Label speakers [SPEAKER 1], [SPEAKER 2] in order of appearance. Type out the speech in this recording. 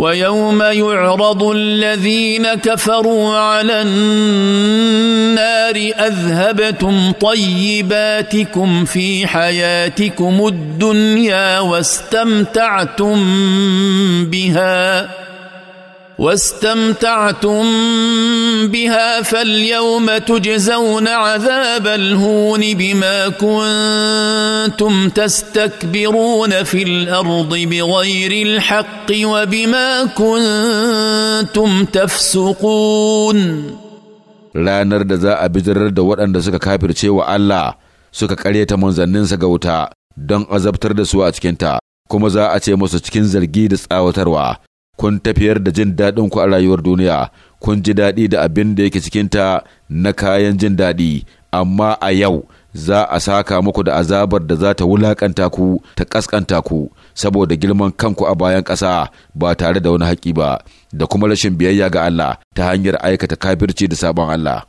[SPEAKER 1] ويوم يعرض الذين كفروا على النار اذهبتم طيباتكم في حياتكم الدنيا واستمتعتم واستمتعتم بها فاليوم تجزون عذاب الهون بما كنتم تستكبرون في الارض بغير الحق وبما كنتم تفسقون
[SPEAKER 2] ranar da za a bijirar da waɗanda suka kafirce wa Allah suka ƙaryata manzanninsa ga wuta don azabtar da su a cikinta kuma za a ce musu cikin zargi da tsawatarwa kun tafiyar da jin daɗin ku a rayuwar duniya kun ji daɗi da abin da yake cikinta na kayan jin daɗi amma a yau za a saka muku da azabar da za ta wulaƙanta ku ta ƙasƙanta ku saboda girman kanku a bayan ƙasa ba tare da wani haƙi ba da kuma rashin biyayya ga Allah ta hanyar aikata kafirci da sabon Allah